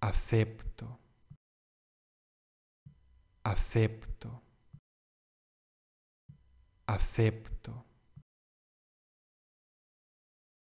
acepto, acepto, acepto.